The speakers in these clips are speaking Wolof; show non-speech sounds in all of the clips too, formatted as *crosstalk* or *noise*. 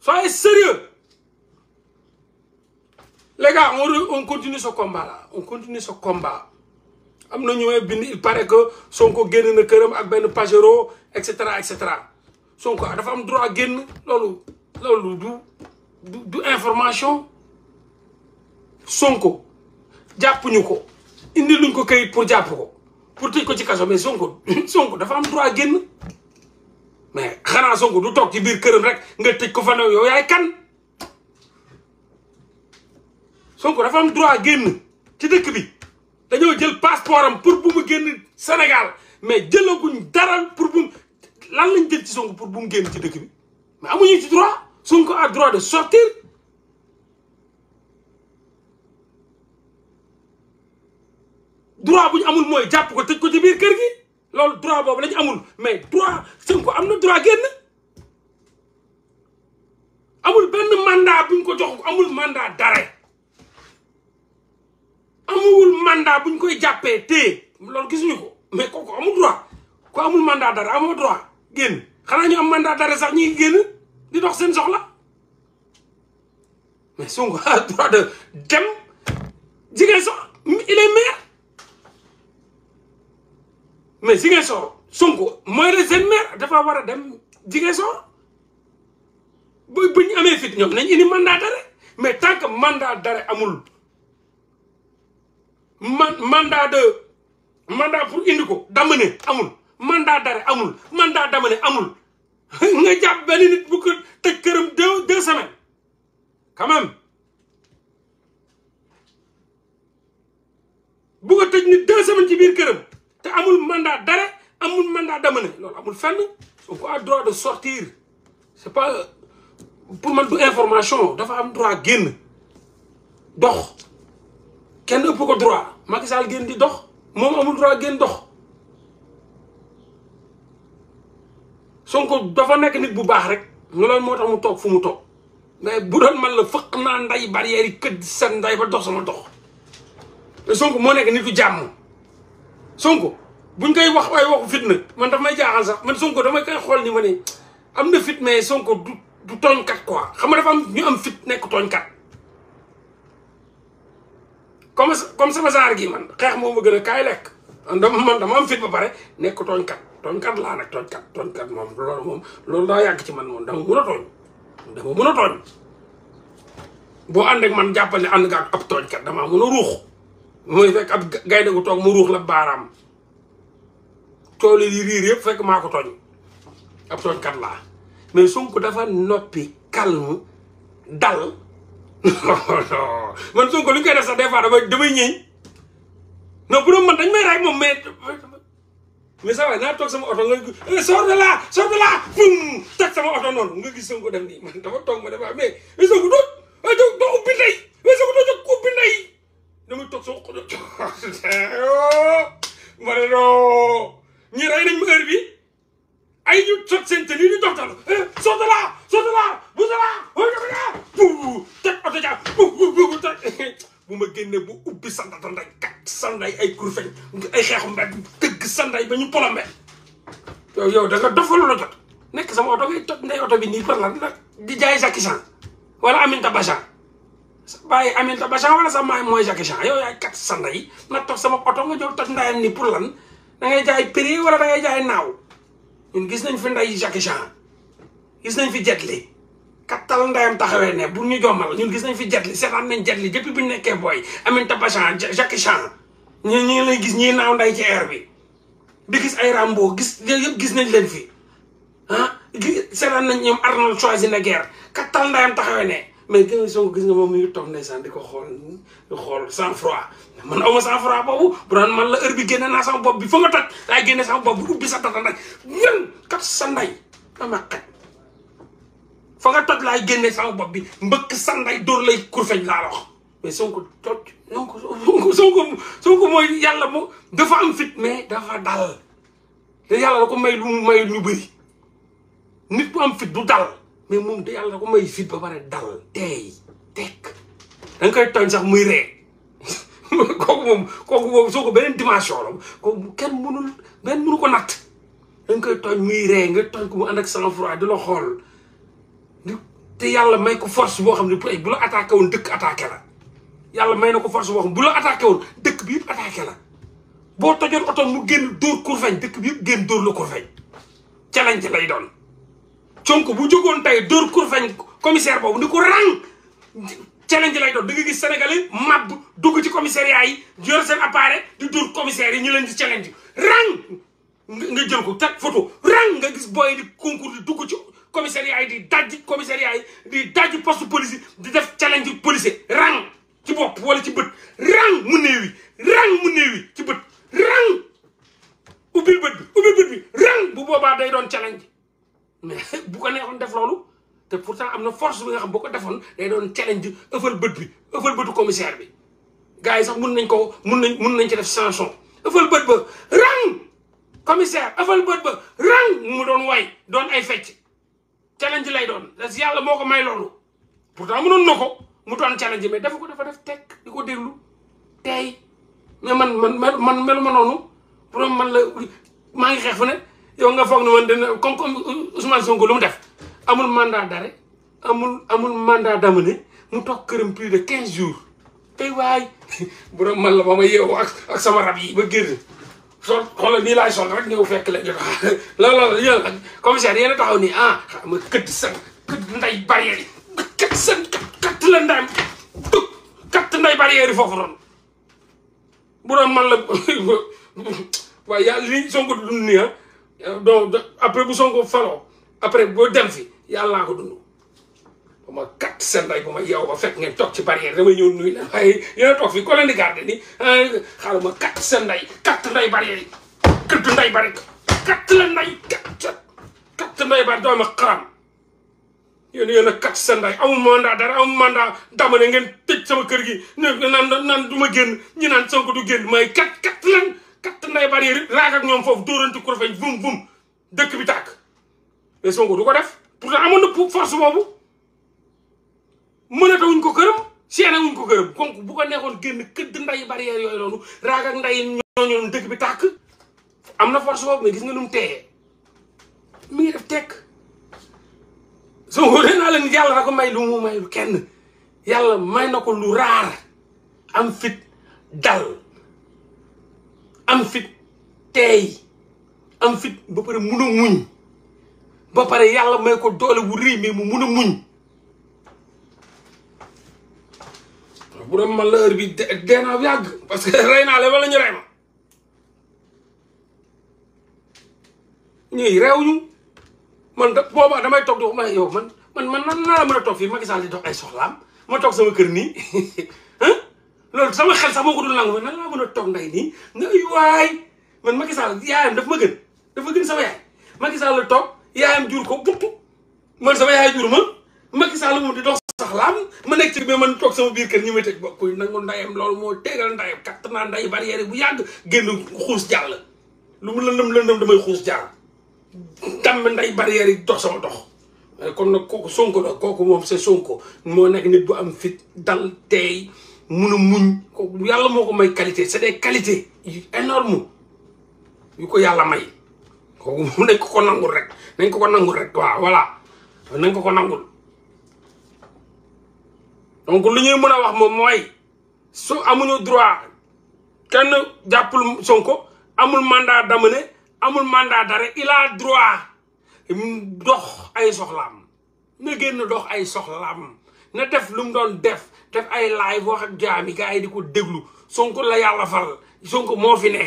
soyez sérieux les gars on on continue ce combat là on continue ce combat am na ñooy bind il paraît que Sonko génn na këram ak benn pajero et cetera et cetera Sonko ah, dafa am droit génn loolu loolu du du information Sonko jàppuñu ko indi luñ ko këyit pour jàpp ko pour tëj ko ci kaso mais Sonko *coughs* Sonko dafa am droit génn. Ousmane Sonko du toog ci biir këram rek nga tëj ko fa ne yow yaay kan Sonko dafa am droit génn ci dëkk bi dañoo jël passeport am pour bu génn Sénégal mais jëlaguñ dara pour bu lan lañ jël ci Sonko pour bu mu génn ci dëkk bi mais amuñu ci droit Sonko a droit de sortir droit bu ñu amul mooy jàpp ko tëj ko ci biir kër gi loolu droit boobu lañu amul mais droit Sonko am na droit génn amul benn mandat buñ ko jox amul mandat d'arrêt amul mandat buñ koy jàppee téye loolu gisuñu ko mais kooku amul droit ku amul mandat d'arrêt amoo droit génn xanaa ñu am mandat d'arrêt sax ñu ngi génn di dox seen soxla mais Sonko a droit de dem jigéen sox il est maire mais jigéen sox Sonko mooy la seen maire dafa war a dem jigéen sox bu bu ñu amee fit ñoom nañ indi mandat d'arrêt mais tant que mandat d'arrêt amul man mandat de indi ko d'amener amul mandat d'arrêt amul mandat d'amener amul *laughs* nga jàpp benn nit bu ko tëj këram deux deux semaines quand même bu tëj nit deux semaines ci biir këram te amul mandat d'arrêt amul mandat damane loolu amul fenn on a droit de sortir c'est pas pour man du information dafa am droit génn dox kenn ëpp ko droit Macky Sall génn di dox moom amul droit génn dox Sonko dafa nekk nit bu baax rek loolu moo tax mu toog fu mu toog mais bu doon man la fëq naa nday barrière yi këdd nday ba dox sama dox mais Sonko moo nekk nit du jàmm Sonko buñ koy wax ay waxu fitna man daf may jaaxal sax man Sonko damay koy xool ni ma am na fitna mais du tooñkat quoi xam nga dafa am ñu am fit nekk tooñkat comme comme sama genre gi man xeex moom a gën a kaay lekk man dama am fit ba pare nekk tooñkat tooñkat laa nag tooñkat tooñkat moom loolu loolu daa yàgg ci man moom dama mun a tooñ dama mun a tooñ boo ànd ak man jàppal ne ànd nga damaa mun a ruux mooy fekk ab gaynde gu toog mu ruux la baaraam tool yi riir yëpp fekk maa ko tooñ ab tooñkat laa mais Sonko dafa noppi calme dal *laughs* man Sonko lu koy def sax des fois damay damay ñëy man dañ may raay moom mais mais saa waay naa toog sama oto nga gis eh, sors de là sors de là sama oto noonu nga gis Sonko def nii man dafa toog ma dafa mais mais Sonko doo eh, doo doo ubbi ndey mais Sonko doo doo ubbi ndey damay toog sama oto *laughs* ma ne non ñi rey nañ ma heure bi ay ñu jot seen te lii ñu dox dox soto la soto la bu sala bu teg oto ja bu *laughs* bu ma génne bu ubbi sandata nday kat sanday ay kurfeñ ay xeexu mbedd dëgg ba ñu polombe yow yow da nga dofalu nekk sama oto ngay toj ndey oto bi nii par lan di jaay Jackie Chan wala Aminta Bachar sa bàyyi Aminta Bachar wala sa maay mooy Jackie Chan yow yaay kat sanday na toog sama oto nga jël toj ndayam nii pour lan da ngay jaay prix wala da jaay naaw ñun gis nañ fi nday Jackie Chan gis nañ fi Jet Li kattal ndayam taxawee ne bu ñu jommal ñun gis nañ fi Jet Li seetaan nañ Jet Li depuis bu ñu nekkee booy Aminata Bachchan Jackie Chan ñu ñu lay gis ñii naaw nday ci air bi di gis ay Rambo gis yëpp gis nañ leen fi ah seetaan nañ ñoom Arnold Schwarzenegger kattal ndayam taxawee ne mais gis nga Sonko gis nga moom mi ngi toog ndeysaan di ko xool di xool sans froid man aw ma sans froid boobu bu daan man la heure bi génne naa sama bopp bi foo nga toj laay génne sama bopp bi ubbi sa data nag ñan kat sa nday dama nga toj laay génne sama bi mbëkk san nday dóor lay kurfeñ laa wax mais Sonko toj Sonko Sonko Sonko mooy yàlla moom dafa am fit mais dafa dal te yàlla da ko may lu may lu bëri nit bu am fit du dal mais moom da yàlla ko may fit ba pare dal teey tekk da nga koy tooñ sax muy ree *laughs* kooku moom kooku moom soo ko beneen dimension la kooku kenn mënul benn mënu ko natt da nga koy tooñ muy ree nga tooñ ku mu ànd ak sang-froid di la xool te yàlla may ko force boo xam ne bu la attaqué woon dëkk attaqué la yàlla may na ko force boo xam bu la attaqué woon dëkk bi yëpp attaqué la boo tojoon oto mu génn dóor kurfeñ dëkk bi yëpp génn dóor la kurfeñ challenge lay doon Sonko bu jógoon tey dóor kurfañ commissaire boobu ni ko rang challenge lay doon da nga gis sénégalais mab dugg ci commissariat yi yor seen appareil di dóor commissaire yi ñu leen di challenge rang nga jël ko tag photo rang nga gis booy di concours di dugg ci commissariat yi di dajji commissariat yi di dajji poste police yi di def challenge policier rang ci bopp wala ci bët rang mu néewi rang mu néewi ci bët rang ubbil bët bi ubbil bët bi rang bu boobaa day doon challenge mais bu ko neexoon def loolu te pourtant am na force bi nga xam boo ko defoon day doon challenge ëffal bët bi ëffal bëtu commissaire bi gars yi sax mun nañ ko mun nañ mun nañ ci def chanson ëffal bët ba rang commissaire ëffal ba rang mu doon way doon ay fecc challenge lay doon parce que yàlla boo ko may loolu pourtant mënoon na ko mu doon challenge mais dafa ko dafa def teg di ko déglu tey mais man man man melu ma noonu pour man la maa ngi xeex fu ne yow nga foog ne woon dina comme comme Ousmane Sonko lu mu def amul mandat da amul amul mandat d'amener mu toog këram plus de quinze jours tey waay *laughs* bu doon man la ba ma yeewu ak sama rab ba génn sol xoolal nii laay sol rek ñëw fekk la jot *laughs* loolu la yéen commissaire yéen a taxaw nii ah ma këdd san këdd nday barrière yi këdd san katt la ndaam dug katt nday barrière yi foofu doon bu doon man la *laughs* waaye yàlla li donc après bu Sonko faloo après boo dem fi yàllaa ko dund ba ma kat seen day ba ma yow ba ngeen toog ci barrière damay ñëw nuyu la waaye yéen a toog fi ko leen di garder ni xaaral ma kat seen nday kat nday barrière yi kat nday barrière kat la nday kat kat nday barrière doo ma xaram yéen yéen a kat seen nday amul mandat dara amul mandat dama ne ngeen tëj sama kër gi naan naan du ma génn ñi naan Sonko du génn may kat kat lan katt nday barrière raag ak ñoom foofu dóoranti ko feñ vum vum dëkk bi tàkk mais Sonko du ko def pourtant amoon na force boobu mënatawuñ ko këram séene wuñ ko këram kon bu ko nekkoon génn këdd nday barrière yooyu noonu raag dëkk bi tàkk am na force boobu mais gis nga nu mu teeyee mi ngi def tekk Sonko nee naa leen yàlla da ko may lu mu may lu kenn yàlla may na ko lu raar am fit dal am fit teey am fit ba pare mun a muñ ba pare yàlla may ko doole bu rëy mais mu mun a muñ bu doon man la heure bi dee naa yàgg parce que rey naa leen wala ñu rey ma ñuy réew ñu man da damay toog di wax ma man man man nan naa la a toog fii Macky Sall di dox ay soxlaam ma toog sama kër nii *laughs* loolu sama xel sax moo ko dul nangu ma nan laa mën a toog nday nii na waay man Macky Sall yaayam daf ma gën dafa gën sama yaay Macky Sall la toog yaayam jur ko gupp man sama yaay jur ma Macky Sall moom di dox sax laam ma nekk ci mais man toog sama biir kër ñu may teg bokkuy nangu ndayam loolu moo tegal ndayam katt naa nday bu yàgg génn xuus jàll lu mu lëndëm lëndëm damay xuus jàll damm nday barrière yi dox sama dox kon nag kooku Sonko la kooku moom c'est Sonko moo nekk nit bu am fit dal teey mun a muñ ko yàlla moo ko may qualité c'est des qualités yu énorme yu ko yàlla may kooku nañ ko ko nangul rek nañ ko ko nangul rek waaw voilà nañ ko ko nangul donc lu ñuy mën a wax moom mooy su amuñu droit kenn jàppul Sonko amul mandat d'amener amul mandat d'arrêt il a droit dox ay soxlaam na génn dox ay soxlaam na def lu mu doon def def ay laay wax ak jaam yi gars yi di ko déglu Sonko la yàlla fal Sonko moo fi ne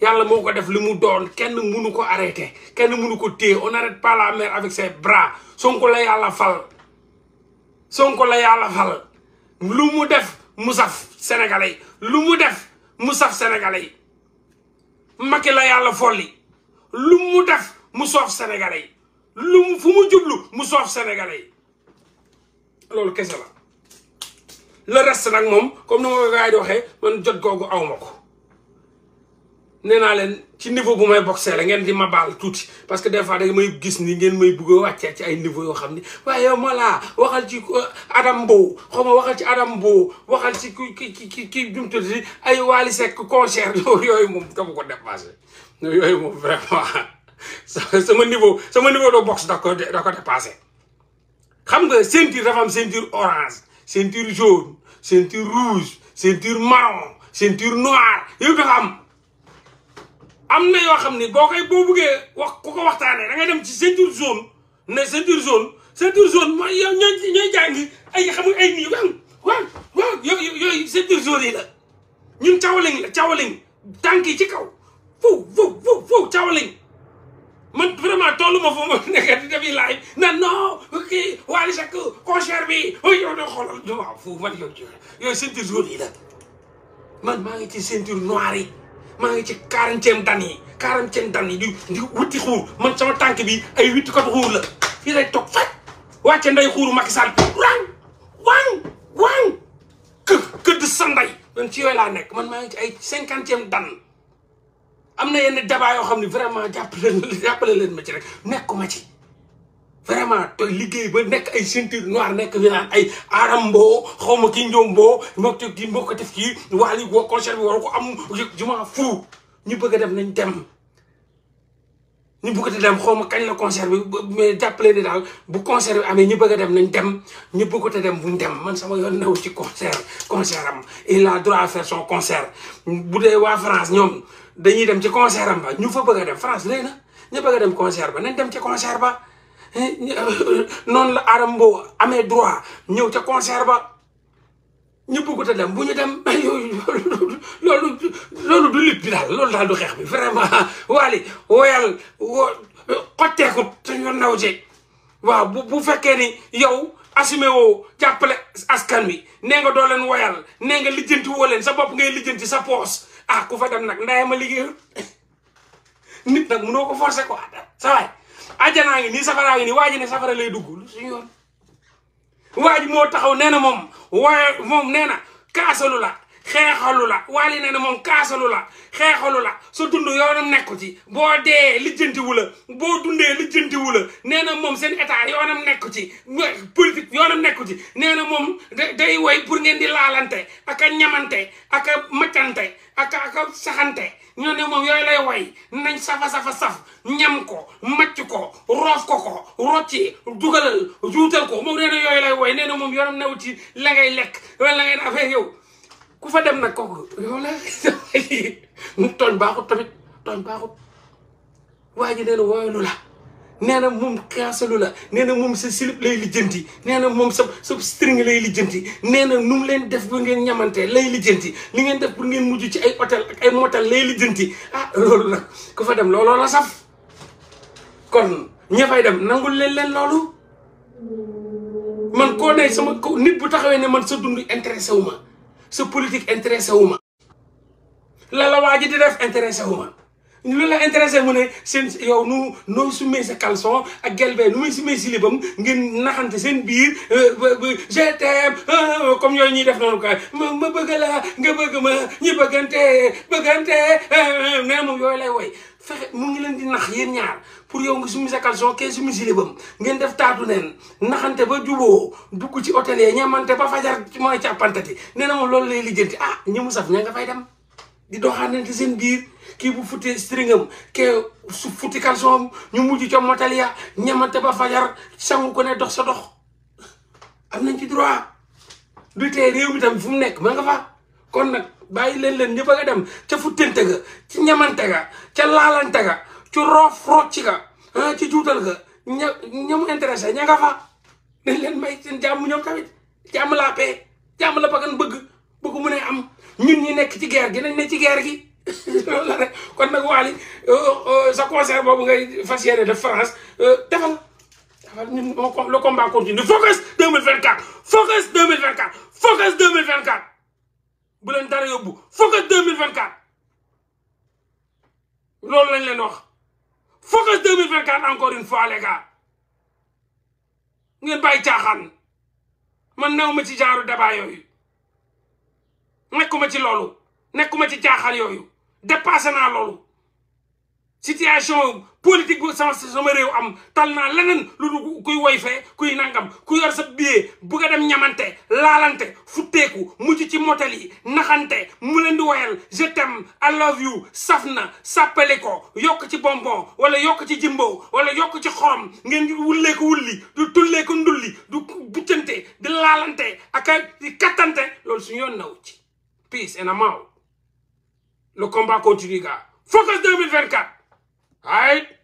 yàlla moo ko def lu mu doon kenn mënu ko arrêté kenn mënu ko téye on n'arrête pas la mer avec ses bras Sonko la yàlla fal Sonko la yàlla fal lu mu def mu saf sénégalais lu mu def mu saf sénégalais yi la yàlla folli lu mu def mu soof sénégalais yi mu fu mu jublu mu soof sénégalais loolu kese la le reste nag moom comme ni ma ko gars yi man jot koo aw ma ko nee naa leen ci niveau bu may boxee la ngeen di ma baax tuuti parce que des fois da may gis ni ngeen may bugg a wàccee ci ay niveau yoo xam ni waaye yow Mollah waxal ci euh, Adam Mbow xaw ma waxal ci Adam Mbow waxal ci ki ki ki ki jumtu si ay Wally Seck *laughs* yooyu moom dama ko dépassé yooyu moom vraiment *laughs* sama niveau sama niveau de boxe da ko xam nga ceinture dafa am ceinture orange ceinture jaune ceinture rouge ceinture marron ceinture noire yëpp dafa am am na yoo xam ni boo koy boo buggee wax ku ko waxtaanee da dem ci ceinture zone ne ceinture zone ceinture jaune mooy yow ñooy ñooy jàngi ay xamul ay nii waaw waaw waaw yooyu yooyu ceinture jaune yi la ñun cawaliñ la cawaliñ tànk yi ci kaw foofu foofu foofu cawaliñ man vraiment tollu ma foofu ma nekk di defi laaj na non kii Wally Seck concert bi yow de xoolal waaw foofu man yow yooyu ceinture jaune yi la man maa ngi ci ceinture noire yi maa ngi ci quarantième dan yi quarantième dan yi di di wuti xuur man sama tànk bi ay witti kot xuur la fii lay toog faj wàcce nday xuuru Macky Sall wang wang wang kë këdd sa nday man ci yooyu laa nekk man maa ngi ci ay cinquantième dan am na yenn débat yoo xam ne vraiment jàppale *laughs* jàppale leen ma ci rek nekkuma ci vraiment te liggéey ba nekk ay ceinture noire nekk ni naan ay aram mboo xaw ma ki njoom mboo mook ci moo ko def kii waali boo concert bi war ko am jument ñu bëgg a dem nañ dem ñu bëgg a dem xaw ma kañ la concert bi mais jàppale ni daal bu concert amee ñu bëgg a dem nañ dem ñu bëggut a dem buñ dem man sama yoon new ci concert concert am il a droit à faire son concert bu dee waa France ñoom dañuy dem ci concert am ba ñu fa bëgg a dem France léegi na ñu bëgg a dem concert ba nañ dem ci concert ba eh, *laughs* la Adam amee droit ñëw ca concert ba ñu bëggut dem bu ñu dem *laughs* loolu du lutte daal loolu daal du xeex bi vraiment *laughs* waali woyal wo xotteekut suñu naw ci waaw bu bu fekkee ni yow assumé woo jàppale askan wi nee nga doo leen woyal nee nga lijjanti woo leen sa bopp ngay lijjanti sa poos ah ku fa dem nag ndayama liggéeyul nit nag munoo ko forcer quoi sa waay àjjanaa ngi nii safaraa ngi nii waa ji ne safara lay dugg lu suñu yoon waa ji moo taxaw nee na moom waaye moom nee na kaasalu la xeexalu la waali nee na moom kaasalu la xeexalu la sa dund yoonam nekku ci boo dee lijjantiwu la boo dundee lijjantiwu la nee na moom seen état yoonam nekku ci politique yoonam nekku ci nee na moom day woy pour ngeen di laalante ak a ñamante ak a maccante ak a ak a saxante ñoo ne moom yooyu lay woy nañ safa-safa saf ñam ko macc ko roof ko ko rocci dugalal juutal ko moom nee na yooyu lay woy nee na moom yoonam new ci la ngay lekk wala la ngay affaire yow ku fa dem nag kooku yow la *laughs* mu tooñ baaxut tamit tooñ baaxut waa ji nee na la nee na moom xeesalu la nee na moom sa silib lay lijjanti nee na moom sa sa string lay lijjanti nee na nu mu leen def ba ngeen ñamante lay lijjanti li ngeen def pour ngeen mujj ci ay hôtel ak ay motel lay lijjanti ah loolu ku fa dem looloo la saf kon ña fay dem nangul leen leen loolu man koo ne sama nit bu taxawee ne man sa dund intéressé wu ma sa politique intéressé wu ma ji di def intéressé wu ma lu la intéressé mu ne seen yow nu noo sumee sa caleçon ak gelbee nu muy sumee si libam ngeen naxante seen biir GTM euh, euh, euh, comme yooyu ñuy def noonu quoi ma bëgga la nga bëgg ma ñi bëggante bëggante nee moom yooyu lay woy fexe mu ngi leen di nax yéen ñaar pour yow su sumi sa caleçon kee sumi silibam ngeen def taatu neen naxante ba juboo dugg ci hôtel yi ñamante ba fajar mooy càppantati nee na moom loolu lay lijjanti ah ñi mu saf ña nga fay dem di doxaanante seen biir kii bu futtee stringam kee su futti caleçon ñu mujj com matalia ñamante ba fajar sangu ko ne dox sa dox am nañ ci droit du tee réew mi tam fu mu nekk ma nga fa kon nag bàyyi leen leen ñu bëgg a dem ca futtante ga ci ñamante ga ca laalante ga ci roof rocci ga ah, ci juutal ga ña ña mu intéressé ña nga fa dañ leen may seen jàmm ñoom tamit jàmm la paix jàmm la bakkan bëgg bëgg mu ne am ñun ñi nekk ci guerre gi nañ ne ci guerre gi *laughs* loolu la rek kon nag Wally euh, euh, euh, sa concert boobu ngay fas yéene de France defal defal le combat continue focus 2024 focus 2024 focus 2024 bu leen dara yóbbu focus deux mille vingt quatre loolu lañ leen wax focus deux mille vingt quatre encore une fois caaxaan man new ma ci jaaru débat yooyu nekkuma ci loolu nekkuma ci caaxaan yooyu dépassé naa loolu situation politique bu sama am tal naa leneen lu kuy woy fee kuy nangam ku yor sa billet bugg a dem ñamante laalante futteeku mujj ci motel yi naxante di woyal je t'aime I love you saf na sàppale ko yokk ci bonbon wala yokk ci jimbo wala yokk ci xorom ngeen wulleeku wulli du tulleeku ndulli du buccante di laalante ak kattante loolu suñu yoon naw ci peace and I'm out le combat continue gars focus 2024 All